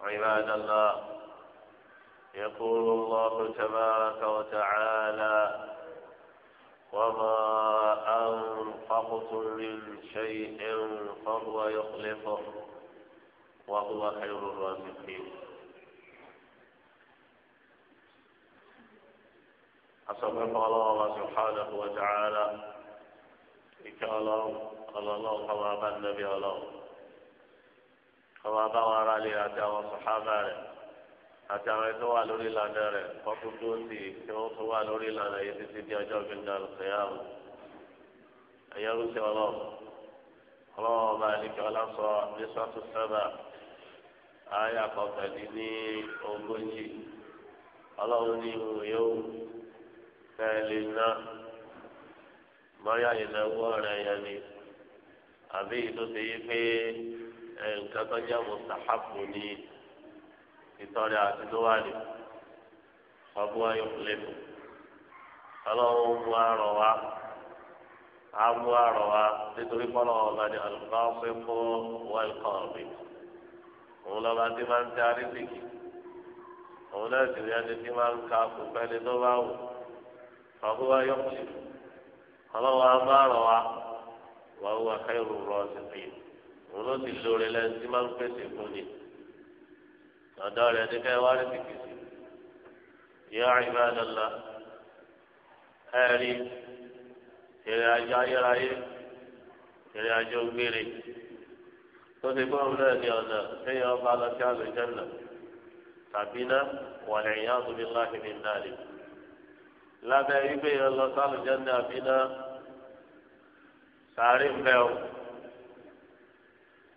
عباد الله يقول الله تبارك وتعالى وما أنفقتم من شيء فهو يخلفه وهو خير الرازقين أصبح الله سبحانه وتعالى إن شاء الله قال الله قال النبي الله tọ́wọ́ bá wọn ara lè àti àwọn sàhábà rẹ̀ àti àwọn ẹni tó wà lórí ìlànà rẹ̀ kọ́kú tó sì tí wọ́n tún wà lórí ìlànà yìí títí di ọjọ́ gbẹ̀ngà lùkẹ́yàwó ẹ̀yẹ rúṣẹ́ ọlọ́run ọlọ́run ọba àlejò aláṣọ nísọ́tún sábà ààyè àkọ́kẹ́lì ní ogójì ọlọ́run ní ìwò yóò tẹ̀lé náà bọ́yá ìnáwó ọ̀rẹ́ yẹn ni àbí ìtòsí yìí pé. Eh, nǹkan tó jẹ́ mùsàlámù ní ìtọ́rẹ àti dówàlì ọbú ayọ̀kùnlẹ́kùn ọlọ́run mú àrọ̀ wá á mú àrọ̀ wá nítorí pọ́nà ọba ní alùpàpẹ́ fún wẹ́lkọ̀ọ̀bì òun lọ́ba tí máa ń tẹ arísìkì òun náà sì rí ẹni tí máa ń ka ni tó bá wù ọbú ọlọ́run á mú àrọ̀ wá rọ̀ òun ló ti lóore lẹ́nu tí máa ń pèsè fún ni ọ̀dọ́ rẹ̀ ní ká wá rí kìkìsì yá ìbádọ́lá ẹ̀rí ìrìn àjò ayérayé ìrìn àjò gbére tó ti gbọ́ òun náà ní ọ̀nà téèyàn bá lọ sí àlùjẹ́nà tàbí ná wàlẹ̀ ìyá àtúbí láhìmí náà rí lábẹ́ wípé yẹn lọ sí àlùjẹ́nà àbí ná sàárè ń bẹ́ o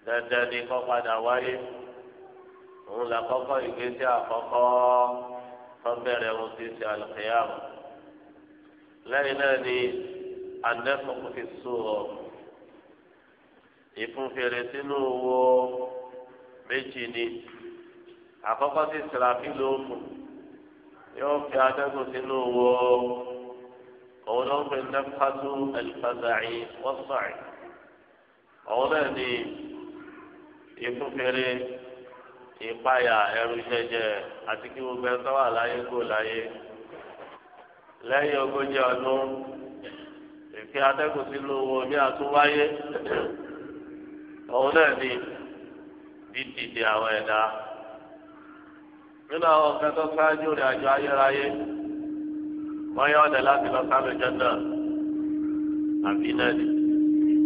dandan ni kọ́ padà wáyé òun là kọ́kọ́ ìgbésẹ̀ àkọ́kọ́ tọ́bẹ̀rẹ̀ ohun tí ṣe àlùkìyàmù lẹ́yìn náà ni anẹ́fọ̀kù fi sòrò ìfúnfèrè sínú owó méjì ni àkọ́kọ́ sí sàràfí lóòfù yóò fi adẹ́gùn sínú owó òun ló ń pè nẹ́fàtú ẹ̀lùfàdàì wọ́sàì òun náà ni ikú fèrè ìpayà ẹ̀rù jẹjẹ àti kí gbogbo ẹ sọ wà láyé kó láyé lẹ́yìn ogójì ọdún ìfẹ́ atẹ́kùn sí lówó ní àtúwáyé òun náà ni dídìde àwọn ẹ̀dá nínú àwọn ọ̀fẹ́ tó ṣáájú rẹ̀ àjọ ayérayé wọ́n yọ ọ̀dẹ̀ láti lọ sálọ jọ́dá àbí náà ni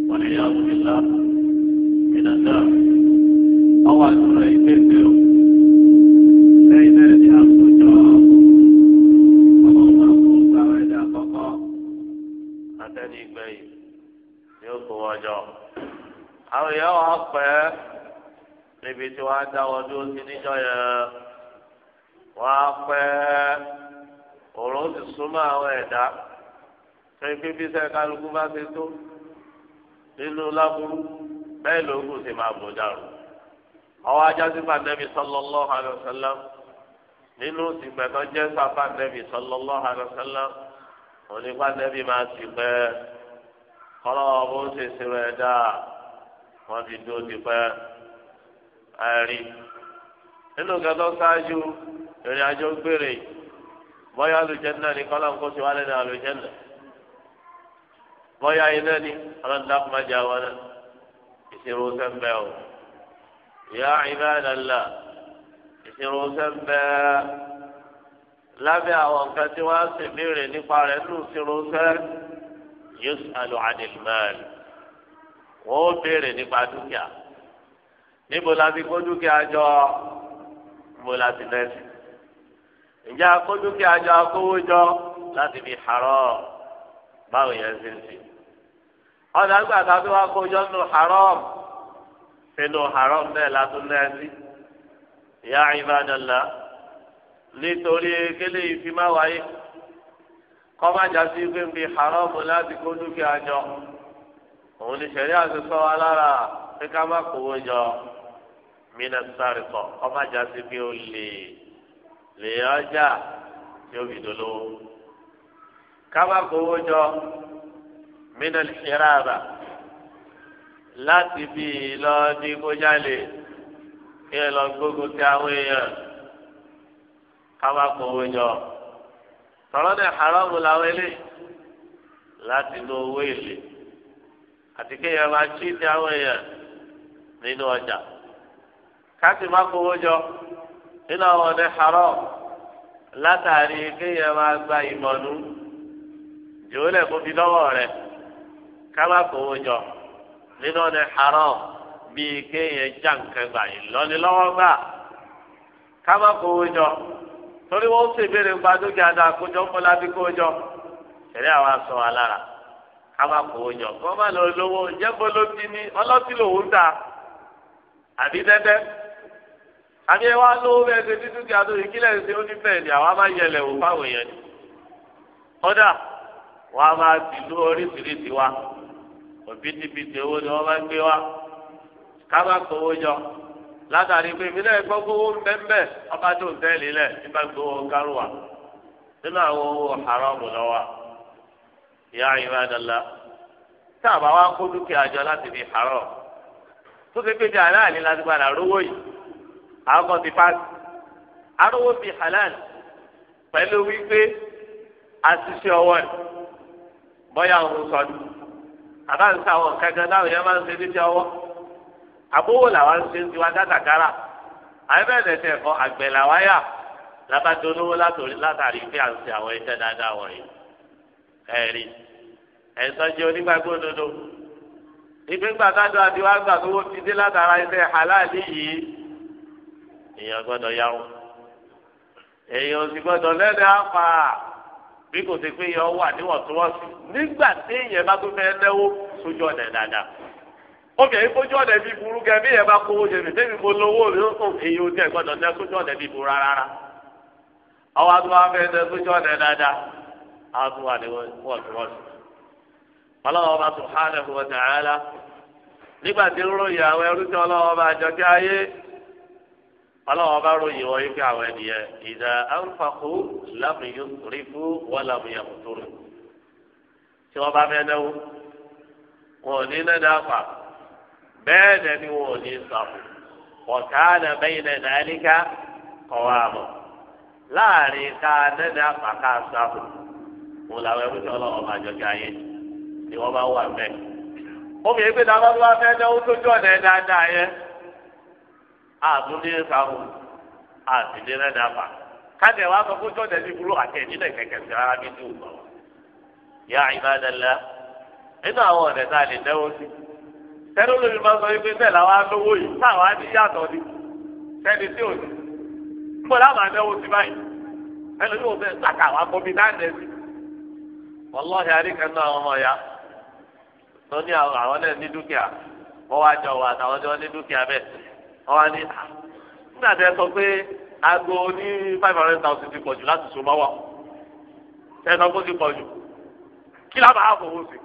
wọ́n lè yá nílá ìdàgbà ọwọ́ àtúntò ilé ìgbé o lẹ́yìn náà ni àkójọ ọmọ ọmọ ọgbà ẹ̀dá àkọ́kọ́ àtẹ́ni ìgbẹ̀yìn ni ó kó wọjọ. àwọn èèyàn wà pẹ́ níbi tí wọ́n á dáwọ́ dúró sí níjọ́ yẹn wọ́n á pẹ́ òòrùn ó sì súnmọ́ àwọn ẹ̀dá tó ibi bí sẹ́ kálukú bá ti tó nínú lábúrú bẹ́ẹ̀ lóògùn sì máa bọ̀ dàrú ọwọ́ ajásífà nẹ́bí sallallahu alaihi wasallam nínú ìgbẹ́tọ́ jẹ́ sáfà nẹ́bí sallallahu alaihi wasallam onípa nẹ́bí máa ti pẹ́ kọ́lọ́wọ́ bó ṣe ṣeré ẹ̀dá wọ́n ti dúró ti pẹ́ ẹ̀rí nínú ìgbẹ́tọ́ ṣáájú ìrìn àjò gbére bọ́yá àlùjànnà ni kọ́lọ́wọ́ kó ti wá lẹ́nu àlùjànnà bọ́yá iná ni ọlọ́dún dákúmájà wọn ìṣirò sẹ́ńbẹ́ o. يا عباد الله ìṣirò sẹ́ńbẹ́ lábẹ́ àwọn nǹkan tí wọ́n á sì léèrè nípa rẹ̀ nínú ìṣirò sẹ́ yus'alu 'anil mal wọ́n ó béèrè nípa dúkìá níbo la ti kó dúkìá jọ níbo la ti lẹ́sì ǹjẹ́ akó dúkìá fi sínú haram bẹ́ẹ̀ látún náà sí ya ibadallah nítorí kele ìfimá wáyé kọ́májà sí pé ń bi haram láti kó dúkìá jọ òun ni sẹ̀rí àtúntò wa lára pé ká má kówó jọ mina sáré kọ kọ́májà sí pé ó lè lè ọjà tí ó fi dolówó ká má kówó jọ mina lè ṣe láti bí lọ ní kójálè kí ẹ lọ gbógun ti àwọn èèyàn káwá kó owó jọ tọrọ náà haramu làwọn eléyìí láti lo owó èlé àti kí ẹ máa tí ti àwọn èèyàn nínú ọjà káàtì má kó jọ nínú àwọn ọdẹ haram látàrí kí ẹ máa gba ìmọ̀nú jòólẹ̀ kó fi lọ́wọ́ rẹ̀ ká má jọ nínú ọ̀nà haram bíi kéèyàn já nǹkan gbà ìlọ́nilọ́wọ́ gbà ká má kówó jọ torí wọ́n ṣe ìbéèrè ń gba dúkìá dáa kójọ ń fọlá bí kówó jọ ṣẹlẹ̀ àwa sọ wa lára ká má kówó jọ kó má lọ lówó jẹ́bọ́ ló ti ní ọlọ́tí lòún ta àbí dẹ́dẹ́ àbí ẹ wá lówó bẹ́ẹ̀ ṣe ní dúkìá tó ìkílẹ̀ ṣe ó ní bẹ́ẹ̀ ni àwa máa yẹlẹ̀ wò fáwọn èèyàn ni kódà wọ́n á máa tìlú oríṣiríṣi wa òbítíbitì owó ni wọ́n bá gbé wá ká má kówó jọ látàrí pé ìbílẹ̀ ẹ̀kọ́ gbowó ń bẹ́ẹ̀ ọba tó ń tẹ́lẹ̀ lẹ̀ nígbà gbowó kárùwà nínú àwọn owó haramu lọ́wọ́ ìyá ìbádọ́lá tá a bá wá kó dúkìá jọ láti fi haram tó ti péjọ aláàlí láti padà rówó yìí àwọn kan ti pàṣẹ arówó fi halal pẹ̀lú wípé àṣìṣe ọwọ́ rẹ̀ bọ́yá òun sọdún àbá ń sáwọn kankan láwọn yẹn máa ń ṣe níbi ọwọ́ àbówò làwọn ṣe ń tiwa dátàkárà àyẹ̀bẹ̀rẹ̀ tẹ̀ kọ́ àgbẹ̀ làwáyà lábàjọ olówó látàrí pé à ń ṣe àwọn iṣẹ́ dáadáa wọ̀nyí ẹ̀rí ẹ̀sán jẹ́ onígbàgbọ́ òdodo ìgbégbà kájọ àti wá gbà tó wọ́n ti dé látara iṣẹ́ halali yìí èèyàn gbọ́dọ̀ yáwó èèyàn ò sì gbọ́dọ̀ lẹ́nu àpá. bí kò ṣe pé yẹn wà níwọ̀ntúnwọ̀nsì nígbà téèyàn bá tó fẹ́ náwó sójú ọ̀nà dáadáa obìnrin fojú ọ̀nà bíi burú gẹ bí yẹn bá mi débi mo lówó mi ó èyí ojú ẹ̀ gbọ́dọ̀ sójú ọ̀nà bíi burú rárá àwọn àtúwà sójú ọ̀nà àtúwà níwọ̀ntúnwọ̀nsì. ọlọ́wọ́ bá nígbà tí ń ròyìn àwọn ẹrú ọlọ́wọ́n bá ròyìn wọ́n yín pé àwọn ènìyàn ìdá ànfàkù lámìyó rífú wọ́n lámìyà mùtúrù tí wọ́n bá fẹ́ náwó wọn ò ní nẹ́ẹ̀dá fà bẹ́ẹ̀ dẹ̀ ni wọn ò ní sàmù ọ̀tàánà bẹ́yìn nẹ́ẹ̀dá ẹ̀ríkà kọ̀wá àmọ̀ láàrin ká nẹ́ẹ̀dá fà ká sàmù wọn làwọn ẹ̀kú tí ọlọ́wọ́n máa jọ kí ayé ni wọ́n bá wà mẹ́ẹ̀. omi ìgbéda bá fẹ́ náwó tó jọ̀ọ́ àtúndé sáfù àtúndé rẹ́dàfà kájẹ̀ wá sọ fún jọ́dẹ̀ ní burú àti ẹ̀dí náà kẹ̀kẹ́ sí rárá bí tí ò gbọ́. yá ìbádàlá nínú àwọn tá a lè dẹ́wọ́ sí sọ wípé làwọn yìí yàtọ̀ ni sẹ́ni tí ò ní. láwọn sí báyìí yóò fẹ́ sí. ọmọ ya tó ní àwọn náà ní dúkìá wọ́n wá jọ wà àtàwọn tí ní dúkìá bẹ́ẹ̀ ọ̀hún ni ah, nígbà tí ẹ sọ pé aago ní five hundred thousand ti pọ̀ jù láti so máa wà ẹ sọ pé ó ti pọ̀ jù kí lábà á fowó sí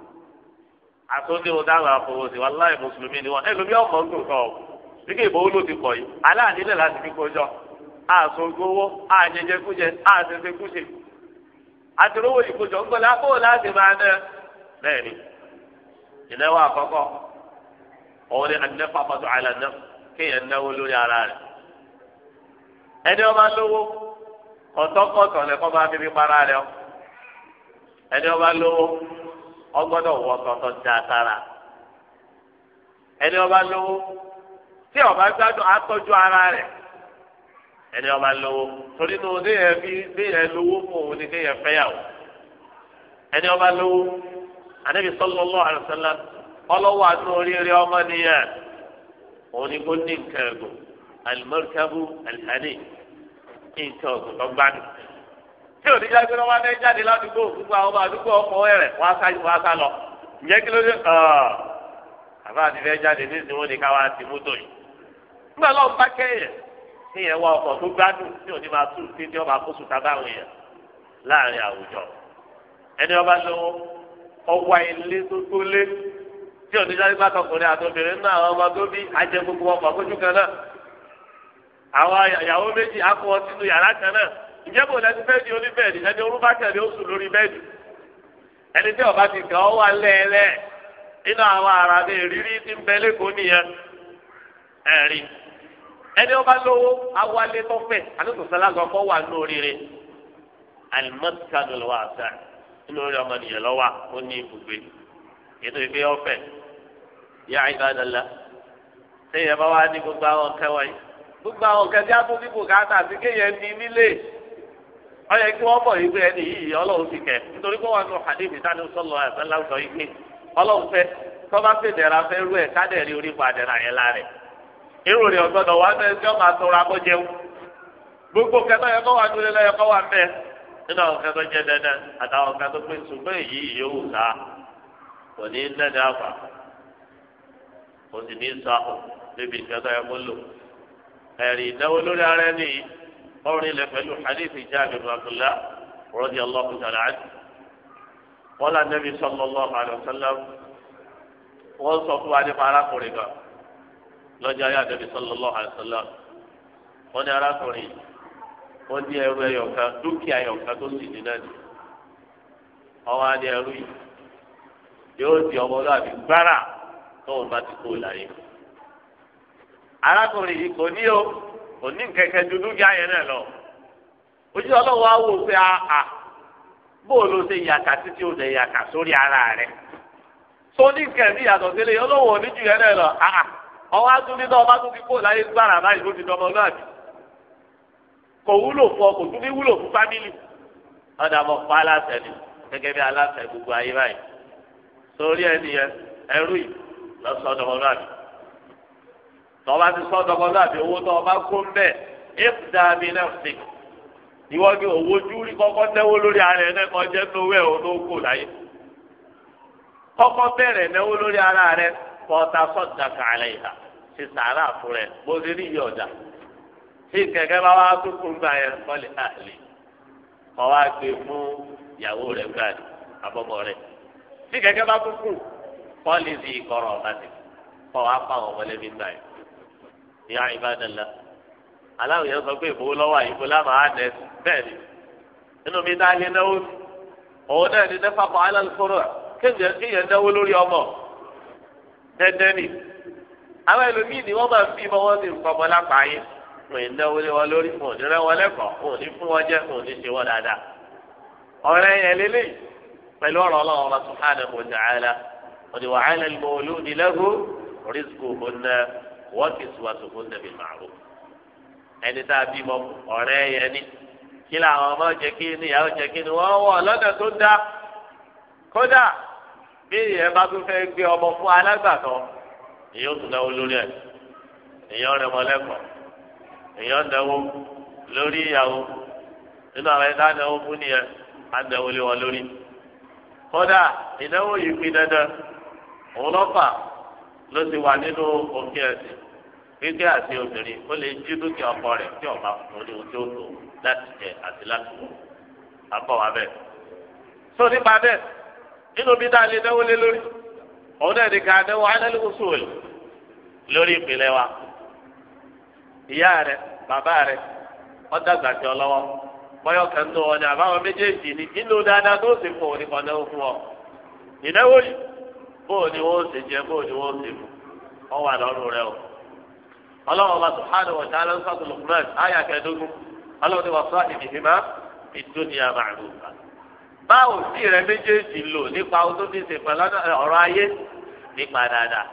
àtúndì ó dáhùn àfowó sí wàláì mùsùlùmí ni wọn ẹlòmí ọkọ̀ ń tòkọ̀ ọ̀ nígbà ìbò ló ti pọ̀ yìí aláàdínlẹ̀ láti fi kọjọ àsògbówó àjẹjẹkújẹ àtẹtẹkújẹ àtẹrówó ìkójọ ńgbọ́n lápò láti máa nẹ bẹ́ẹ̀ ni ìnáwó àkọ́kọ́ òun ni àìlànà. kéèyàn náwó lórí ara rẹ̀ ẹni ọba lówó kọtọkọtọ lẹkọ bá fi ara para ọ ẹni ọba lówó ọgbọ́dọ̀ wọ tọtọ da sára ẹni ọba lówó tí ọba gbádùn ara ẹni ọba lówó torí tó ní yẹn fi ní yẹn lówó fún òun ní ẹni ọba lówó anabi ọlọwọ àti oríire ọmọ nìyẹn. òun ni kó ní nǹkan ẹ̀gùn alimọ́ríkàbù alihani nǹkan ọ̀gùn tó gbádùn. tí ò ní jáde lọ́wọ́ adé jáde ládùúgbò gbogbo àwọn ọmọ àdúgbò ọkọ̀ ẹ̀rẹ̀ wá sá wá sá lọ. ìyẹn kí ló dé àbá àti fẹ́ jáde ní ìsinmi ní káwá ti mọ́tò yìí. nígbà lọ́wọ́ bá kẹ́yẹ̀ níyẹn wá ọkọ̀ tó gbádùn tí ò ní máa tún tí ọba kó sùtà báwọn yẹn láàrin àwùjọ. ẹni ọba lọ́wọ́ ọwọ́ ilé tó tó lé tí òní sáré bá tọkùnrin àtọkùnrin náà àwọn ọmọ tó bí ajẹ gbogbo ọmọ àkójú kan náà àwọn ìyàwó méjì akọ sínú yàrá kan náà ìjẹ́bù lẹ́nu fẹ́ẹ́ di oníbẹ̀ẹ́dì ẹni orú bá tẹ̀lé oṣù lórí bẹ́ẹ̀dì ẹni tí ọba ti kàn ọ́ wà lẹ́ẹ̀lẹ́ nínú àwọn ará mi rírí ti ń bẹ lẹ́kọ̀ọ́ nìyẹn ẹ̀rí ẹni ọba lówó awalé tọ́fẹ̀ alókòsálàgọ́ kọ́ wà ní oríire alimọ́tìkadùn lọ́wọ́ àṣà nínú orí ọmọ nìyẹn lọ́wọ́ ó ní ibùgbé ètò ìgbé ọ̀fẹ́ yá ìbádọ́lá téèyàn bá wá ní gbogbo àwọn nǹkan wọ̀nyí gbogbo àwọn nǹkan tí a tún dìbò káàtà sí kéèyàn ní nílé ó kí wọ́n bọ yìí ẹni yìí ọlọ́run ti kẹ̀ nítorí pé wọ́n nu hadith ìtàní sọ́lọ́ àtàlà sọ yìí pé ọlọ́run fẹ́ tọ́ba la irú rẹ̀ ọ̀gbọ́dọ̀ wà mẹ́ tí wọ́n máa tọrọ gbogbo kẹtọ́ yẹ kọ́ wà dúró lẹ́yẹ kọ́ wà mẹ́ nínú àwọn kẹtọ́ jẹ dandan àtàwọn kẹtọ́ pé èyí yóò sá kò kò sì ní sàkó níbi ìkẹtọ ẹ kó lò ẹrí ìdáwó lórí ara ẹni yìí ọrùn ilẹ̀ pẹ̀lú hadith Jabir Abdullah radiyallahu ta'ala anhu wọn là Nabi sallallahu alaihi wasallam wọn sọ fún wa nípa arákùnrin kan lọ́jọ́ ayé Nabi sallallahu alaihi wasallam wọn ní arákùnrin wọn ní ẹrú ẹyọkan dúkìá ẹyọkan tó sì ní náà ni ọwọ́ á ẹrú yìí yóò di ọmọlúwàbí gbára. tóun bá ti kó o láyé. arákùnrin yìí kò ní o kò ní kẹ̀kẹ́ dúdú kí ayẹ náà lọ. ojú ọlọ́wọ́ á wò pé a bóòlù ṣe yàtà títí o lè yàtà sórí ara rẹ̀. sóní kẹ̀mí yàtọ̀ sílé ọlọ́wọ́ oníjù yẹn náà lọ ọwọ́ náà ọba tó ti ọ kò tún ní wúlò fún fámìlì gbogbo ayé báyìí sórí ẹrú lọ́sọ̀dọ̀ ọlọ́àbí tọ́ba ti sọ́dọ̀ ọlọ́àbí owó tó ọba kó ń bẹ̀ éfùdá mi náà fi ìwọ ni owó júrí kọ́kọ́ náwó lórí ara ẹ̀ náà kọ́ jẹ́ nowó ẹ̀ ló kò láyé kọ́kọ́ bẹ̀rẹ̀ náwó lórí ara rẹ̀ kọ́ta sọ́dà kàlẹ́ ìhà ti sàárà fún rẹ̀ bó ti rí iye ọ̀dà tí kẹ̀kẹ́ bá wá tó kún gbà yẹn kọ́lé àlè kọ́ wá gbé fún ìyàwó rẹ̀ gbà àbọ̀mọ̀ rẹ̀ tí kẹ̀kẹ́ bá tó kún pọ́lìsì ìkọ̀rọ̀ ọ̀tàtì kọ́ wa pa àwọn mọ̀lẹ́bí gbà yìí. ìyá ìbádọ́lá aláwọ̀ yẹn sọ pé ìbò lọ́wọ́ àyíkó lámà á nẹ bẹ́ẹ̀ ni nínú mi dá lé náwó sí òun náà ní nẹ́fà kọ́ alálùfọ́rọ̀ kéèyàn náwó lórí ọmọ dẹ́dẹ́ ni àwọn ẹlòmíì ni wọ́n máa fi bọ́ wọ́n ti nǹkan bọ́ lápá ayé wọn ìnáwó lé wọn lórí wọn ò ní rẹ́ wọn lẹ́kọ̀ọ́ wọn ò ní fún wọn jẹ wọn ò ní ṣe wọn dáadáa ọ̀rẹ́ yẹn lélẹ́yìí pẹ̀lú ọ̀rọ̀ ọlọ́run ọba subhanahu wa ta'ala wọ́n ti wà á lẹ́nu olóòdì lẹ́hùn rísíkù ọ̀nà wọ́n ti sùwàsù fún nàbì màrú. ẹni tá a bí mọ ọ̀rẹ́ yẹn ni kí làwọn ọmọ jẹ kí ni ìyàwó jẹ kí ni wọ́n wọ̀ lọ́nà tó dá kódà bí ìyẹn bá tún fẹ́ gbé ọmọ fún alágbàtọ́ ìyẹn tún náwó lórí ẹ̀ ìyẹn rẹ̀ mọ́lẹ́kọ̀ọ́ èèyàn dẹwọ lórí ìyàwó nínú àwọn ẹ̀ka dẹwọ fún nìyẹn adẹwọ lé wọn lórí kódà ìnáwó yìí pín dandan òun lọ́fà ló ti wà nínú òfin ẹ̀sìn gbígbé àti obìnrin ó lè jí dúkìá ọkọ rẹ̀ tí ọba fún ní ohun tí ó tó láti jẹ àti láti wọ̀ àbọ̀ wa bẹ́ẹ̀. sọ nípa bẹ́ẹ̀ nínú bí dáa lè náwó lé lórí òun náà ní ká náwó òòlù lórí ìpìlẹ̀ wa ìyá rẹ̀ bàbá rẹ wọ́n dàgbà tí ọ lọ́wọ́ bọ́yọ̀ kẹ́ńtò ọ̀nà àbáwọn méjèèjì ní nínú dáadáa tó sì fún ọ ìnáwó yìí. bóò ni wọ́n ṣe jẹ bóò ni wọ́n ṣe mu wọ́n wà lọ́rùn rẹ o. ọlọ́run ọba subhanahu wa ta'ala sọ́tò lukman ayé akẹ́dógún ọlọ́run ni wà sọ ìdìbìmá ìdúnìyà màdùnà. báwo sí rẹ méjèèjì lò nípa ohun tó ṣe pẹ̀lú ọ̀rọ̀ ayé nípa dáadáa.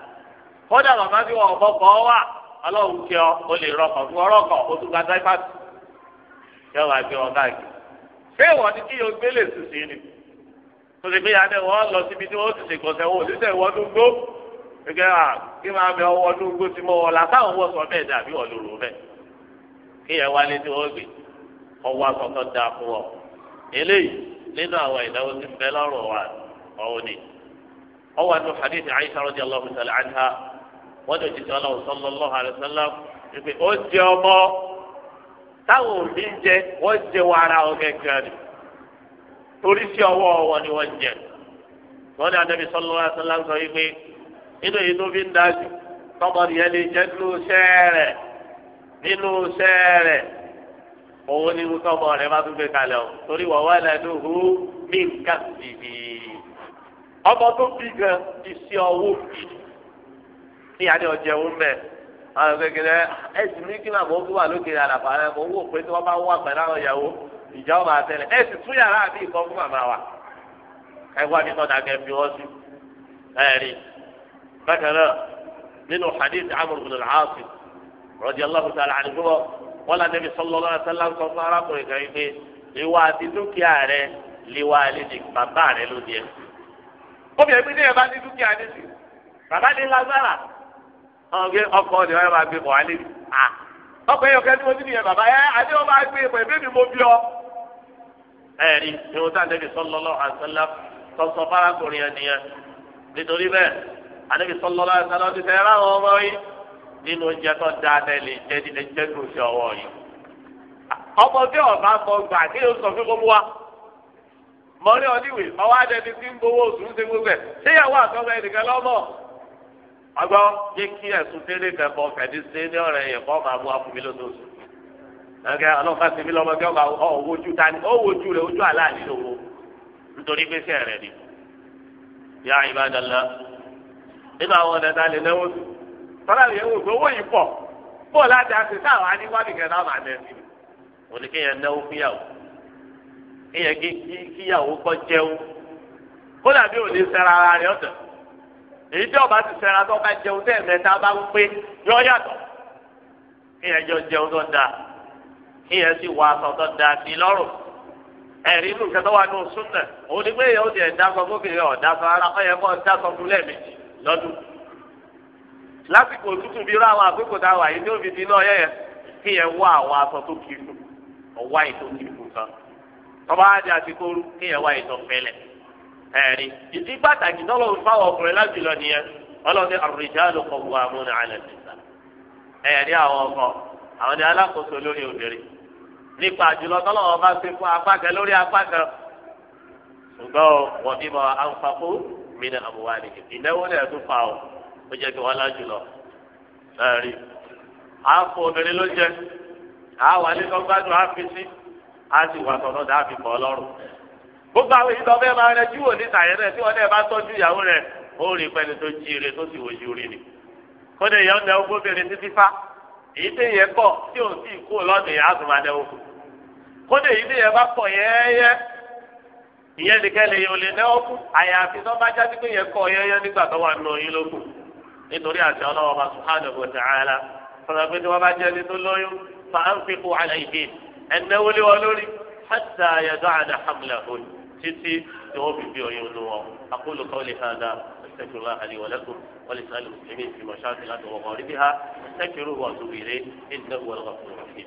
kódà bàbá bí wọn ọ̀pọ̀ kọ́ wà ọlọ́run kí ọ o lè rọkọ̀ fún ọrọ̀kọ̀ o tún gba gbé ni? tó ti gbéyàá náà wọ́n lọ síbi tí wọ́n ti ṣègbọ̀nsẹ̀ wò níṣẹ́ ìwọ́n tó gbó gbẹgẹ à ah, kí máa bẹ ọwọ́ ọdún gbó ti mọ́ ọ la táwọn wọ́n sọ bẹ́ẹ̀ dàbí ọ̀lọ́rọ̀ bẹ́ẹ̀ kí yẹn wálé tí wọ́n gbé ọwọ́ akọ́kọ́ da fún ọ eléyìí nínú àwọn ìdáwó ti bẹ lọ́rùn wa ọ̀hún ni ọwọ́ àti hadith Aisha radiyallahu ta'ala anha wọ́n ti ti ọlọ́run torí sí ọwọ́ wọn ni wọ́n jẹ wọ́n ní anabi sọlọ wa sọlá ń sọ yìí pé nínú yìí tó fi ń dájú tọmọdé yẹn lè jẹ nínú sẹ́ẹ̀rẹ̀ nínú sẹ́ẹ̀rẹ̀ òun ni tọmọ rẹ̀ bá tún gbé kalẹ̀ o torí wọ́n wà lẹ́nu hu mí nǹkan bìbì ọmọ tó bí gan iṣẹ́ ọwọ́ bì ní adé ọjẹ òun bẹ̀ àwọn kékeré ẹ̀sìn mi kí màmú ó fi wà lókè àlàfà rẹ̀ kò wò pé tí wọ́n bá wà pẹ̀lú àwọn ìyàwó. ìjà ọba àtẹlẹ ẹ sì tún yàrá àbí ìkọ fún màmá wa ẹ wá mi tọ́jà kẹ fi wọ́n sí ẹ rí bákan náà nínú hadith amr bin al-aas radiyallahu ta'ala anhu wọn là Nabi sallallahu alaihi wasallam sọ fún arákùnrin kan yìí pé ìwà àti dúkìá rẹ liwa bàbá rẹ ló di ẹ. obìnrin níyẹn bá ní dúkìá ní sí bàbá ní lágbára máa gbé bọ̀ wálé ọkọ̀ ẹ̀yọ̀ kẹ́ni mo ti nìyẹn bàbá ẹ̀ àti ọba gbé ìpè bébì mo bí ọ. ẹ̀rí ìwọ tá àdébì sọlọ́lọ́ àṣẹlá tọ́sọ fárakùnrin yẹn nìyẹn nítorí bẹ́ẹ̀ àdébì sọlọ́lọ́ àṣẹlá ti fẹ́ ráwọn ọmọ yìí nínú oúnjẹ tó dáa náà lè jẹ́ nílé jẹ́ kó fi ọwọ́ yìí. ọmọ bí ọba mọ gbà kí ló sọ fún gbogbo wa mọ̀rí ọdíwì ọwọ́ adẹni tí ń gbowó oṣù ń ṣe ọgbọ́n jẹ́ kí ẹ̀sùn tẹ́lẹ̀ kẹ́kọ̀ọ́ fẹ̀dí sí ní ọ̀rẹ́ yẹn kọ́ máa mú afúnmi lóṣooṣù. ẹ̀kẹ́ ọlọ́fà sí mi lọ́mọ kí ọba ọ̀wọ́jú ta ni ọ̀wọ́jú rẹ̀ ojú àláàlí lówó nítorí gbèsè rẹ̀ ni. yá ìbádọ́lá nínú àwọn ọ̀nà tá a lè náwó sí. tọ́lá yẹn wò pé owó yìí pọ̀ bó láti àti táwọn aníwájú kẹ oníkéèyàn náwó fíyàwó kéèyàn kíyàwó kọ́ jẹun kó dàbí òní sẹ́ra ara rẹ̀ ọ̀tọ̀ èyí tí ọba ti sẹ́ra tó bá jẹun tẹ́ mẹ́ta bá ń pé yọ yàtọ̀ kíyẹn jọ jẹun tó dáa kíyẹn sì wọ aṣọ tó dáa sí lọ́rùn ẹ̀rí inú kẹtọ́ wa ní oṣù tẹ̀ òun ni pé èyàn ó ti ẹ̀dá sọ gómìnà ọ̀dá sọ ara ọ̀yẹ́ kọ́ ọ̀dá sọ fún lẹ́ẹ̀mejì lọ́dún lásìkò òtútù bí irú àwọn àkókò tá a wà yìí ní òbí ti náà yẹ̀yẹ̀ kíyẹn wọ àwọn aṣọ tó kiri ọ̀wá ètò kiri kan tọ́ba á di àsìkò ooru kíyẹn wá ètò fẹ́lẹ̀ ẹ̀rí ìdí pàtàkì tọ́lọ̀ ń fáwọn ọkùnrin láti lọ nìyẹn ọlọ́ni ar-rijalu qawwamuna 'ala an-nisa ẹ̀rí àwọn ọkọ àwọn ni alákòóso lórí obìnrin nípa àjùlọ tọ́lọ̀ wọn bá fi fún apá kan lórí apá kan ṣùgbọ́n wọ́n bí mọ anfaqu min amwalihim ìnáwó náà tún fa o ó jẹ́ kí wọ́n lájùlọ ẹ̀rí àfọ obìnrin ló jẹ àwọn alẹ́ gbádùn àfi sí àti ìwà tọ̀nà dàbí bọ́ ọlọ́run. gbogbo àwọn èyí tó fẹ́ máa rẹ jú òní tàyẹ̀ rẹ tí wọ́n náà bá tọ́jú ìyàwó rẹ ó rí pẹ́ni tó jí ire tó sì rí ni. kódé ìyá ọ̀nà ogóbìnrin títí fá èyí tí ìyẹn kọ̀ tí òun sì kú lọ́dún ìyá bá kọ̀ ìyẹn lè àyàfi tó bá jáde pé kọ̀ nígbà tó wà nù títí توفي في fi bí أقول قولي هذا أستغفر الله لي ولكم ولسائر المسلمين في مشاكل الأرض ومغاربها أستغفروه وأتوب إليه إنه هو الغفور الرحيم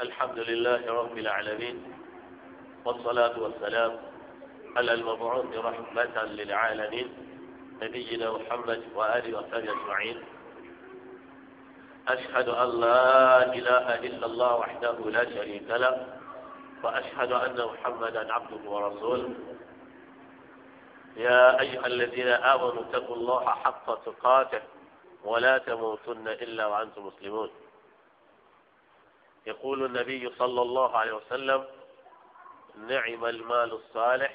الحمد لله رب العالمين والصلاة والسلام على المبعوث رحمة للعالمين نبينا محمد وآله وصحبه أجمعين أشهد أن لا إله إلا الله وحده لا شريك له وأشهد أن محمدا عبده ورسوله يا أيها الذين آمنوا اتقوا الله حق تقاته ولا تموتن إلا وأنتم مسلمون يقول النبي صلى الله عليه وسلم نعم المال الصالح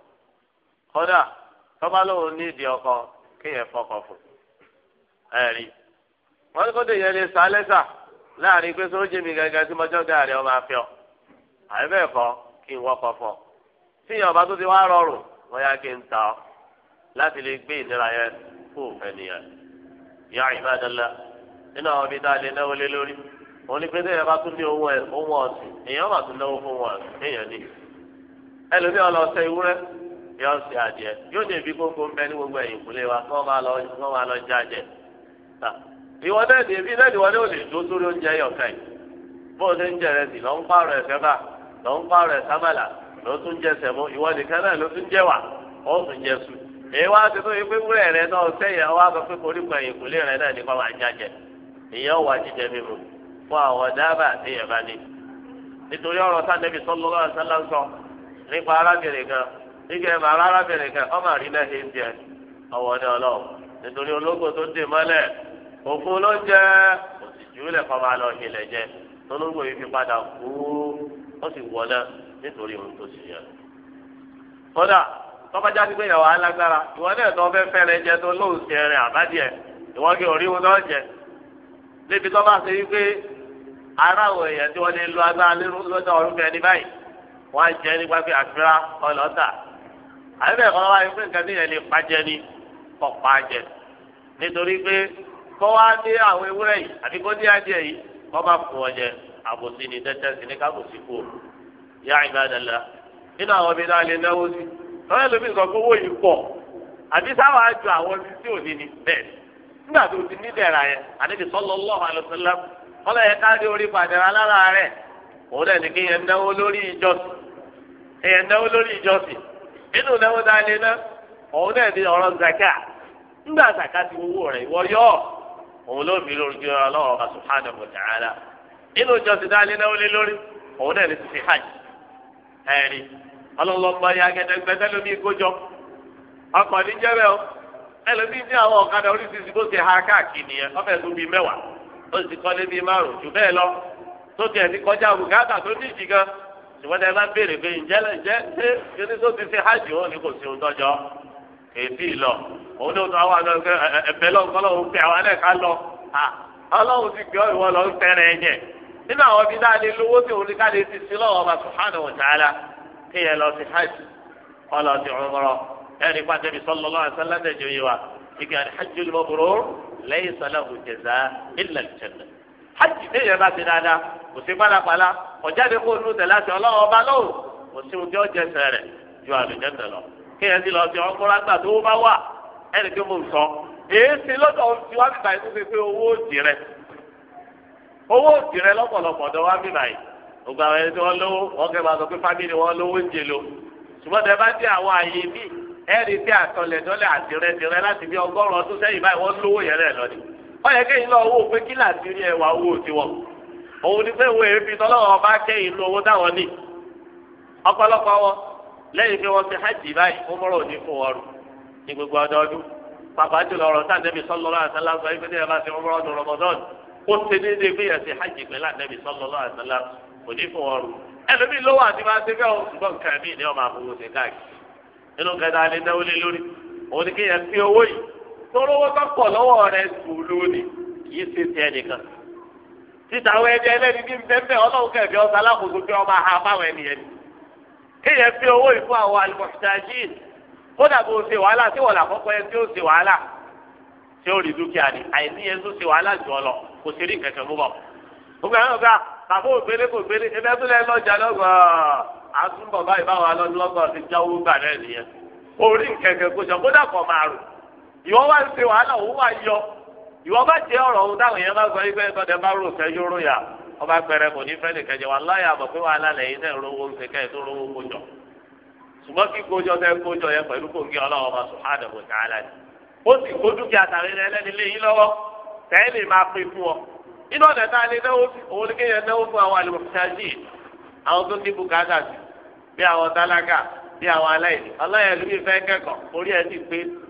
kódà tọ́ba lóun ní ìdí ọkọ kéèyàn fọkọ fún ẹ̀rí wọ́n ní kóde yẹn lè sá lẹ́sà láàrin pé sọ́jì mi gẹ́gẹ́ tí mọ́jọ́ gà rẹ̀ ọba fẹ́ ọ àbí bẹ́ẹ̀ kọ́ kí n wọ́kọ̀ fọ́ tíyẹn ọba tó ti wá rọrùn wọ́n yá kí n ta láti lè gbé ìnira yẹn fún nìyẹn ìbádọ́lá nínú àwọn ibi tá a lè náwó lé lórí òun bá tún ní ọ̀sìn èèyàn bá tún náwó fún èèyàn ní ẹlòmíràn lọ sẹ ewúrẹ́ yóò ṣe adìẹ yóò dé ibi gbogbo ń bẹ ní gbogbo ẹ̀yìn kúlé wa kí wọ́n máa lọ kí máa lọ já ìwọ náà ní ibi náà sórí oúnjẹ o ṣe ń sí lọ ń bá lọ ń tún jẹ ìwọ nìkan náà ló tún jẹ wà ó tún jẹ sùn. èyí wá ipé rẹ koríko rẹ náà jẹ ìyẹn wà jíjẹ mímu fún àwọn àti ni. nítorí ọ̀rọ̀ sáà nẹ́bí sọ́lọ́lá nípa arábìnrin kan ike bàbá arábìnrin kan ọmọ àrílẹ̀ ṣe ń jẹ ọwọ́ ní ọlọ́run nítorí ológun tó dè mọ́lẹ̀ òfin ló jẹ́ òsìjú lẹ̀ kọ́ máa lọ jẹ ológo yìí fi padà kú ó sì wọlé nítorí ohun tó sì yẹ. kódà tọ́kọ́já alágbára ìwọ náà tó fẹ́ fẹ́rẹ̀ jẹ tó lóun sí ẹrin àbádìẹ kí orí wọn náà jẹ níbi tó bá ṣe wípé èèyàn tí wọ́n lè lo agbára lọ́dọ̀ bẹ́ẹ̀ ní báyìí wọ́n á jẹ́ nípa àbí bẹ́ẹ̀ kọ́ wáyé pé nǹkan níyẹn lè pàjẹ́ ni kọ́ pàjẹ́ nítorí pé kọ́ dé àwọn ewúrẹ́ yìí àbí dé adìẹ yìí kọ́ bá fún ọ jẹ àbòsí ni tẹ́tẹ́ sí ni kábòsí kú o yá ìbádàlá nínú àwọn ibi náà lè náwó sí lọ́yẹ̀ lómi nǹkan kówó yìí pọ̀ àbí sáwàá ju àwọn ibi tí ò ni bẹ́ẹ̀ nígbà tó ti ní yẹn yẹn káàdé orí rẹ̀ òun náà ní náwó lórí ìjọsìn inú lẹ́wọ́ dá lé ná òun náà ní zaka ti wúwo rẹ̀ ìwọ yọ òun ló mi lórí jọ lọ́wọ́ ọba subhanahu wa ta'ala inú jọ́sìn dá lé náà ó lórí òun náà ní ti fi hajj ẹ̀rí ọlọ́lọ́gbọ́ ya gẹ́gẹ́gbẹ́sẹ́ ló ní kójọ ọkọ̀ níjẹ́bẹ́ o ẹlòmíín ní àwọn ọ̀kadà oríṣiríṣi bó ti ha káàkiri yẹn ọbẹ̀ tó bíi mẹ́wàá ó sì kọ́lé bíi márùn-ún jù bẹ́ẹ̀ lọ ti kọjá tó ṣùgbọ́n tẹ bá béèrè pé ǹjẹ́ lè jẹ́ ṣé kíní tó ti ṣe hajj ó ní kò sí ohun tọ́jọ́ èdè lọ òun ló ń tọ́ àwọn àgbẹ̀ ọ̀gá ẹ̀bẹ̀ lọ́wọ́ kọ́lọ́wọ́ pé àwọn alẹ́ ká lọ ọlọ́run ti gbé ìwọ lọ ń tẹ́rẹ̀ ẹ̀jẹ̀ nínú àwọn bí dáa lè lówó tí òun ká lè ti sí lọ́wọ́ ọba subhanahu wa ta'ala kéèyàn lọ sí hajj ọlọ́ ti umrah ẹ̀rí pàtẹ́bí sallallahu alaihi wasallam ìgbà hajjul mabrur laysa lahu jazaa illa al-jannah hajj ní ìyẹn bá ti dáadáa kò sí pálapàla ọ̀jáde kó nu tẹ̀lé àti ọlọ́wọ́ ọba lóhùn kò sí ohun tí ó jẹ sẹ̀rẹ̀ ju àlùjẹ́sẹ̀ lọ kéèyàn ti lọ sí ọkùnrin àgbà tó bá wà ẹnì pé mo sọ èéṣe lọ́dọ̀ tí wàá bíbá yìí fífi owó òdì rẹ owó òdì rẹ lọ́pọ̀lọpọ̀ ọ̀dọ̀ wàá bíbá yìí gbogbo àwọn ẹni tí wọ́n lówó wọ́n kẹ́ máa sọ pé fámìlì wọn lówó ń jèlò ṣùgbọ́n tẹ bá dé àwọn ọyẹ kéyìn lọ owó pé kí láti rí ẹwà owó tiwọn òun ni pé wo èébi tọ́lọ́wọ́ bá kéyìn lu owó táwọn ní ọ̀pọ̀lọpọ̀ wọn lẹ́yìn pé wọ́n fi hajj báyìí ó mọ̀rọ̀ òní fún wọn rù ní gbogbo ọdọọdún pàpà jùlọ ọ̀rọ̀ tá nẹ́bi sallallahu alaihi wasallam sọ ìpínlẹ̀ bá ti mọ̀rọ̀ ọdún Ramadan ó ti ní ilé pé ẹ̀sìn hajj pẹ̀lú ànẹ́bi sallallahu alaihi wasallam òní fún wọn ẹlòmí lówó àti máa ṣe bẹ́ẹ̀ ṣùgbọ́n nǹkan mí ni ọ torówó tó pọ̀ lọ́wọ́ rẹ̀ sùúrù ni kìí ṣe ti ẹnìkan títa àwọn ẹni ẹlẹ́ni ní bẹ́ẹ̀ ọlọ́run kẹ̀kẹ́ ọ̀sán alákòóso pé ọmọ aha fáwọn ẹni ẹni kéèyàn fi owó ìfún àwọn alimọ̀tàjìn kódà bó ṣe wàhálà tí wọ́n làkọ́kọ́ yẹn tí ó ṣe wàhálà tí ó rí dúkìá ni àìní yẹn tó ṣe wàhálà jù ọ lọ kò sí rí kẹ̀kẹ́ mú bọ̀ gbogbo àwọn ọ̀gá bàbá ògbélé kò gbélé ẹgbẹ́ tó lẹ́ lọ́jà lọ́gọ̀ọ́ àtúbọ̀ báyìí báwọn alọ́dúnlọ́gọ̀ ti jáwó gbà náà nìyẹn orí nkẹ̀kẹ́ kó sọ kódà kọ̀ máa rò ìwọ wá ṣe wàhálà òun wà yọ ìwọ bá jẹ ọ̀rọ̀ ohun táwọn èèyàn bá bá rò fẹjú yà ọba pẹrẹ kò ní fẹlẹ kẹjẹ wà láyà àbọ pé wàhálà náà rówó ń tó rówó kójọ kí kójọ tẹ kójọ yẹ kò ọba ó sì kó dúkìá tàbí ẹlẹni lé yín lè máa fún ọ inú ọ̀dẹ̀ tá a lè náwó òun ní kéèyàn náwó fún àwọn àlùmọ̀tàjì àwọn tó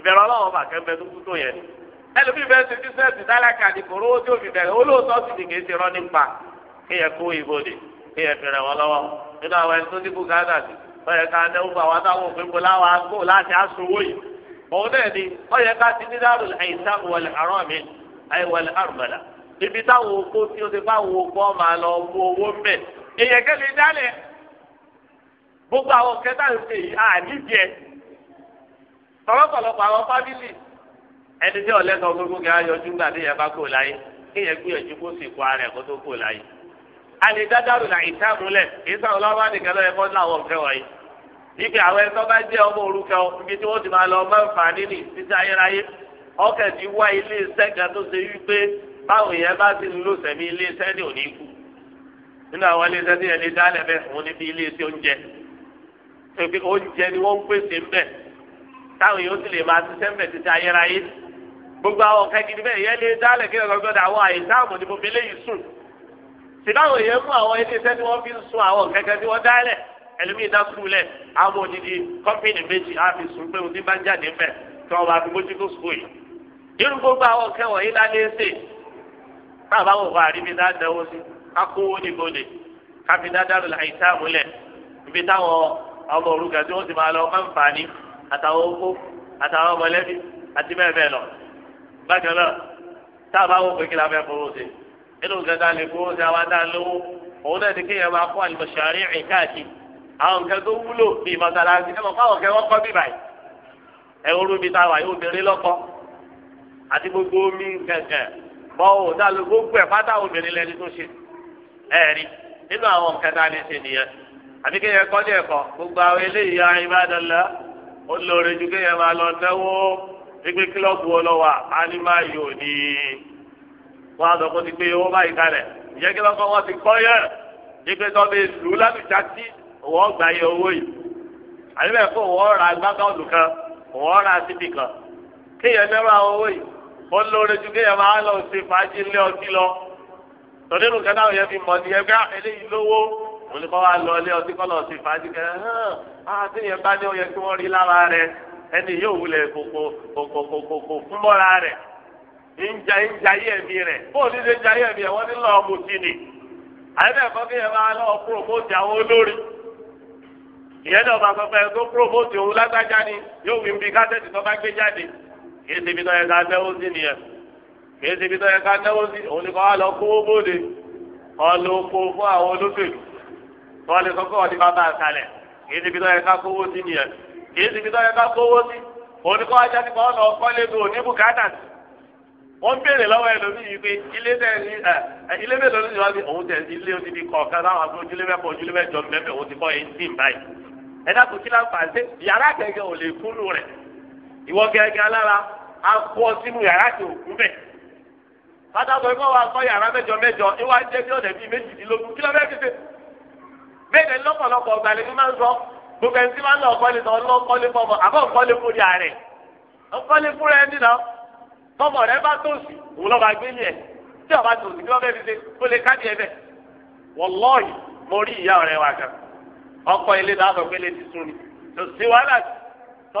ìbẹ̀rù ọlọ́run bà kẹ́ ń bẹ tó kú tó yẹn ẹlòmí bẹ́ẹ̀ ti bísíǹsì tálákà ní kòró tí ó fi bẹ̀rẹ̀ olóòótọ́ sì ní kì í ṣe rọ́ nípa kí yẹ kó ibodè kí yẹ fẹ̀rẹ̀ wọn lọ́wọ́ nínú àwọn ẹni tó ní bùkátà sí ọyẹ ká ní ọgbà wa táwọn òfin bọ láwa kó láti aṣọwó yìí òun náà ni ọyẹ ká ti ní dárò tọ́lọ́pọ̀lọpọ̀ àwọn fámìlì ẹni tí ọ̀lẹ́sọ̀ gbogbo kí á yọjú gbà tí yẹn bá kó láyé kí yẹn gbìyànjú kó sì kó ara ẹ̀ kó tó kó láyé. alìdádàrú là ìtàmúlẹ̀ ìsàn ọlọ́wọ́ nìkan lọ́yẹ fọ́ láwọn ọ̀fẹ́ wọ̀nyí. ibi àwọn ẹni bá jẹ́ ọmọ orúkọ ibi tí wọ́n ti máa lọ ọmọ nfààní nì títí ayérayé ọkẹ́ ti wá ilé iṣẹ́ kan tó ṣe wípé báwọn yẹn bá ti lò táwọn yóò ti lè máa ṣiṣẹ́ ń bẹ̀ títí ayérayé gbogbo àwọn ọ̀kẹ́ gidi bẹ́ẹ̀ yẹn lè dálẹ̀ kí ọ̀gá gbọ́dọ̀ àwọn àyè táàmù ni mo fi léyìí sùn síbáwọn èèyàn mú àwọn ilé iṣẹ́ tí wọ́n fi ń sun àwọn kẹ̀kẹ́ tí wọ́n dálẹ̀ ẹlòmíì dá sùkúlẹ̀ àwọn òdìdí kọ́mpìnì méjì á fi sùn pé òní bá ń jáde ń bẹ̀ tí wọ́n bá fi mójú tó sùkúl yìí irú gbogbo àwọn ọ̀kẹ́ wọ̀nyí lálé ṣe bàbá wò wá rí mi dáadáwó sí àtàwọn owó àtàwọn mọ̀lẹ́bí àti bẹ́ẹ̀ bẹ́ẹ̀ lọ bákan náà tá a bá wọ pé kí la fẹ́ fowó ṣe inú nǹkan tá a lè fowó ṣe àwọn adá lówó òun náà ni kéèyàn máa kó àlùmọ̀ṣárì rìn káàkiri àwọn nǹkan tó wúlò bíi mọ́sálásí ẹ mọ̀ fáwọn kẹ́ wọ́n kọ́ bíbáyì ẹ orú mi táwa yóò bẹ̀rẹ̀ lọ́kọ́ àti gbogbo omi kẹ̀kẹ́ bọ́ọ̀ dá ló gbogbo ẹ̀ pátá obìnrin lẹni tó ṣe ẹ̀rí nínú àwọn nǹkan tá a lè ṣe nìyẹn àbí kéèyàn kọ́ ní ẹ̀kọ́ gbogbo àwọn eléyìí ayé bá dán lọ́ọ́ ó lóore ju kéèyàn máa lọ tẹ́wọ́ pípé kílọ̀bù ọlọ́wà á ní máa yò ní wọn àtọ̀ kó ti pé owó báyìí kalẹ̀ ìyẹn kí lọ́kọ́ wọn ti kọ́ yẹ pípé tó bí lù ú lábìjá tí wọ́n gbà yẹ owó yìí àyẹ̀bẹ̀ kó wọ́n ra gbábọ́ọ̀lù kan wọ́n ra síbì kan kéèyàn mẹ́rọ àwọn owó yìí ó lóore ju kéèyàn máa lọ sí fàájì lé ọtí lọ tòdínú kẹta òye fi mọ̀ mo ní kọ́ wa lọ ilé ọtí kọ́ lọ sí fàájì kẹ́ hàn àti yẹn bá ní oyè tí wọ́n rí lára rẹ ẹni yóò wulẹ̀ kòkò kòkò fún mọ́ra rẹ ìjà ìjà yé ẹ̀mí rẹ bóun ní ìjà yé ẹ̀mí ẹ̀ wọ́n ní lọ́ọ́ mu sí ni àyẹ̀bẹ̀kọ́ kí ẹ máa lọ́ọ́ promote àwọn olórí ìyẹn náà bá sọ pé ẹ tó promote òun lágbájá ni yóò wí bí kásẹ̀tì tó bá gbé jáde kì í ṣe ibi yẹ ká náwó sí nìyẹn kì í ṣe ibi tó yẹ ká náwó sí wọ́n lè sọ pé wọ́n ti bá bá a kalẹ̀ kì í ti fi tọ́ yẹ ká kówó sí nìyẹn kì í ti fi tọ́ yẹ ká kówó sí oníkọ́ ajá nípa ọ̀nà ọ̀kọ́lé tó ní bùkátà sí. wọ́n béèrè lọ́wọ́ ẹ lómi yìí pé ilé tẹ̀ ilé mélòó ló ti wá bí òun tẹ̀ ilé odidi kọ̀ọ̀kan láwọn àti ojúlé mẹ́fọ̀ ojúlé mẹ́jọ mẹ́fẹ̀ òun ti kọ́ yìí sí báyìí. ẹ dákun kí láǹfà ṣe yàrá kẹ̀kẹ́ ò lè kúlù rẹ̀ ìwọ gẹ́gẹ́ alára á kọ́ sínú yàrá kẹ̀ òkú bẹ̀. pátákó ikọ̀ wa yàrá mẹ́jọ mẹ́jọ iwájú ẹgbẹ́ ọ̀dẹ̀ bíi méjìdínlógún kí lọ́ bẹ́ẹ̀ lọ́pọ̀lọpọ̀ ọ̀gbà lèmi máa ń sọ gbogbo ẹni tí máa ń lọ ọ̀kọ́lé sọ ọlọ́kọ́lé fọmọ àbọ̀ ọ̀kọ́lé fún ìyá rẹ̀ ọ̀kọ́lé fún rẹ̀ nínà fọmọ rẹ̀ bá tòsí òun lọ́ba ẹ̀ tí ọba tòsí kí wọ́n fẹ́ fi ṣe kó lè káàdì ẹ̀ bẹ̀ wọ́lọ́ọ̀yì mo rí ìyá ọ̀rẹ́ wa kan ọkọ ilé náà fẹ́ pélé ti sún ni kò wàhálà tó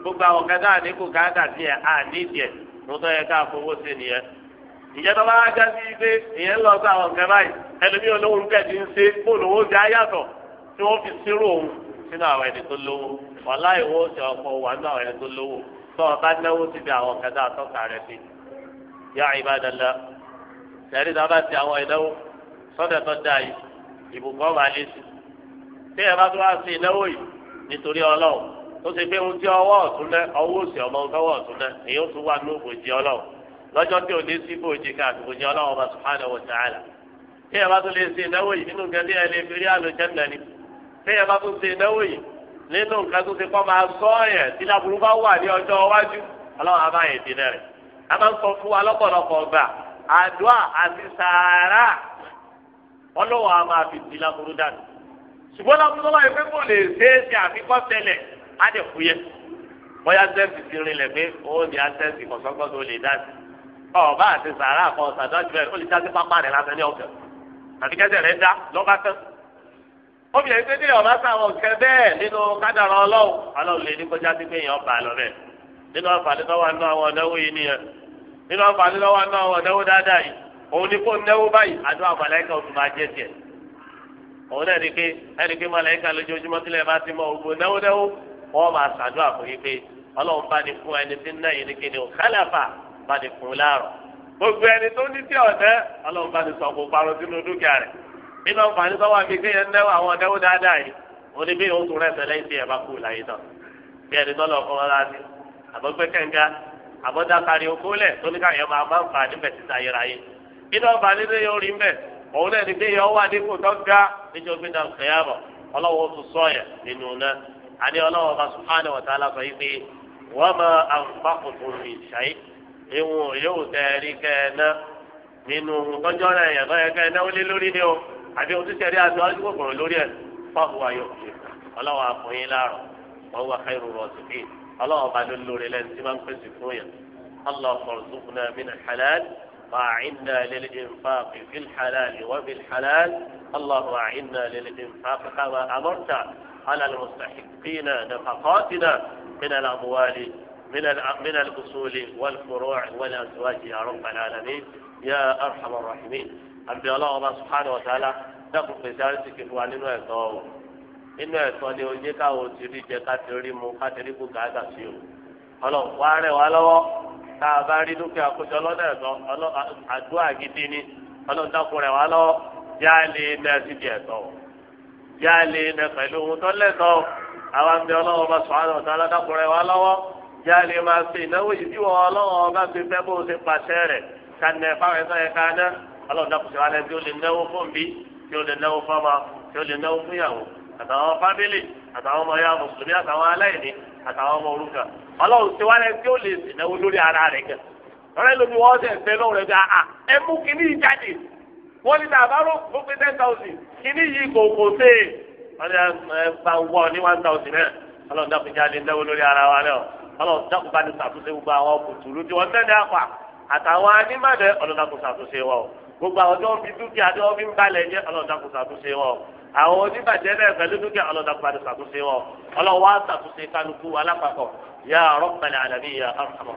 gbogbo àwọn kẹta àdínkù káàkà sí ẹ àníjẹ mo tọ́ yẹ ká fowó sí nìyẹn ìyẹn tó bá wá já sí pé ìyẹn lọ sí àwọn nǹkan báyìí ẹlòmí olówó rúkẹ́ ti ń ṣe fóònù owó ti ayàtọ̀ tí wọ́n fi sírò òun sínú àwọn ẹni tó lówó wàhálà ìwọ ṣe ọkọ̀ wà nínú àwọn ẹni tó lówó tó o bá náwó síbi àwọn kẹta àtọ́ka rẹ sí yá ìbádàlá tẹ̀lé tá a bá ti àwọn ìnáwó sọ́dọ̀ tó dáa yìí ìbùkún ọ̀bà lé sí tí ẹ bá tó wá sí ìnáwó yìí nítorí ọlọ́run tó ṣe pé ohun tí ọwọ́ ọ̀tún lẹ ọwọ́ òsì ọmọ ọgọ́wọ́ ọ̀tún lẹ èyí ó tún wà ní òbòjì ọlọ́run lọ́jọ́ tí ò ní sí bòjì ká àtòbòjì ọlọ́run ọba subhanahu wa ta'ala tí ẹ bá tún lè ṣe ìnáwó yìí nínú nǹkan tí ẹ lè fi rí àlùjànnà ni tí ẹ bá tún ṣe ìnáwó yìí nínú nǹkan tó ṣe kọ́ máa sọ ẹ̀ tí láburú bá wà ní ọjọ́ iwájú ọlọ́run abáyé ìdílé rẹ̀ a máa ń sọ fún wa ọlọ́wọ́ a máa fi á dẹ̀ fúyẹ́ bóyá sẹ́ǹsì ti rinlẹ̀ pé ó ní àṣẹ́ǹsì kọ̀sọ́gbọ́n tó lè dá sí ọba àti sàárà kan sàdájú ẹ̀ ó lè dásí pápá rẹ̀ lásán ní ọ̀fẹ́ àti kẹ́sẹ̀ rẹ̀ dá lọ́ba tán obìnrin pé nílẹ̀ ọba sáwọn kẹ bẹ́ẹ̀ nínú kádàrá ọlọ́run ọlọ́run lè ní kọjá sí pé èèyàn bá lọ bẹ́ẹ̀ nínú àǹfààní tó wà nínú àwọn ọ̀dọ́wó yìí nìyẹn nínú àǹfààní tó wà nínú àwọn ọ̀dọ́wó dáadáa yìí òun ni kó náwó báyìí àdó àmàlẹ́kà òtún máa jẹ́ tiẹ̀ òun náà ní pé ẹnì pé màlẹ́kà lójoojúmọ́ sílẹ̀ bá ti mọ ògbó náwó náwó wọ́n máa ṣàdúrà fún yín pé ọlọ́run bá ní fún ẹni tí ń náà yìí ní kíni òkàlàfà bá ní fún láàrọ̀ gbogbo ẹni tó ní tí ọ̀dẹ́ ọlọ́run bá ní sọ kó parọ́ sínú dúkìá rẹ̀ nínú àǹfààní tó wà kékeré yẹn náwó àwọn ọ̀dẹ́wó dáadáa yìí ó ní bí òun tún rẹ̀ sẹ́lẹ̀ ìṣe ẹ̀bá kú láyé náà bí ẹni tó lọ kọ́ wọn láti àbọ̀gbẹ́ kẹ̀ǹga àbọ̀dákari okólẹ̀ ń àní ọlọ́wọ́ bá subhanahu wa ta'ala sọ yìí pé wọ́n mọ àǹfààkùtù mi ṣáì ewu yóò tẹ̀ rí kẹ́ẹ̀ná nínú tọ́jọ́ rẹ̀ yẹn lọ́yẹ kẹ́ẹ̀ná ó lé lórí ni o àbí ohun tíṣẹ̀rí àti ọdún kòkòrò lórí ẹ̀ fáwọn ayọ̀ ọlọ́wọ́ àfọyín láàrọ̀ wọ́n wà khairu rasikin ọlọ́wọ́ bá ló lórí lẹ́nu وأعنا للإنفاق في الحلال وفي الحلال اللهم أعنا للإنفاق كما أمرت على المستحقين نفقاتنا من الأموال من من الأصول والفروع والأزواج يا رب العالمين يا أرحم الراحمين أنبي الله الله سبحانه وتعالى دقوا في ذلك وعنين ويتوه inú ẹ̀sọ́ ni o jẹ́ káwọn ti rí jẹ ká ti rí mu ká ti rí bùkà àgbà sí o ọlọ́run wá rẹ̀ wá lọ́wọ́ tá a bá rí dúkìá kójọ lọ́dọ̀ ẹ̀sọ́ àdúrà gidi ni ọlọ́run dákun rẹ̀ wá lọ́wọ́ yá lè dá síbi ẹ̀sọ́ o já lè nà pẹ̀lú ohun tó lẹ́tọ̀ọ́ àwọn àmì ọlọ́wọ́ bá sọ àwọn ọ̀tá aládàkùnrin wa lọ́wọ́ já lè máa ṣe ìnáwó yìí tí wọn ọlọ́wọ́ bá ti fẹ́ bó ṣe pàṣẹ rẹ̀ ká nà ẹ̀ fáwọn ẹ̀sán yẹn ká ná ọlọ́run dàpọ̀ síwájú tí ó lè náwó fún bí tí ó lè náwó fún ọmọ tí ó lè náwó fún ìyàwó àtàwọn fámìlì àtàwọn ọmọ ya mùsùlùmí àtàwọn aláìní àtàwọn ọmọ òrukàn ọlọ́run síwájú tí ó lè náwó lórí ara rẹ̀ kẹ́ wọ́n ní dàbárò fún pé ten thousand kìíní yìí kò kò sé wọ́n ní bá ń wọ́ ní one thousand náà ọlọ́run dákun jáde ń dẹ́wọ́ lórí ara wa náà ọlọ́run dákun bá ní ṣàtúnṣe gbogbo àwọn kùtùrú tí wọ́n tẹ́lẹ̀ àpà àtàwọn anímọ̀lẹ́ ọlọ́run dákun ṣàtúnṣe wọn gbogbo àwọn tí wọ́n fi dúkìá tí wọ́n fi ń balẹ̀ jẹ́ ọlọ́run dákun ṣàtúnṣe wọn àwọn oníbàjẹ́ náà pẹ̀lú dúkìá ọlọ́run bá ní ṣàtúnṣe wọn ọlọ́run wá ṣàtúnṣe kálukú alápapọ̀ yà Rabbal alamin yà arhamar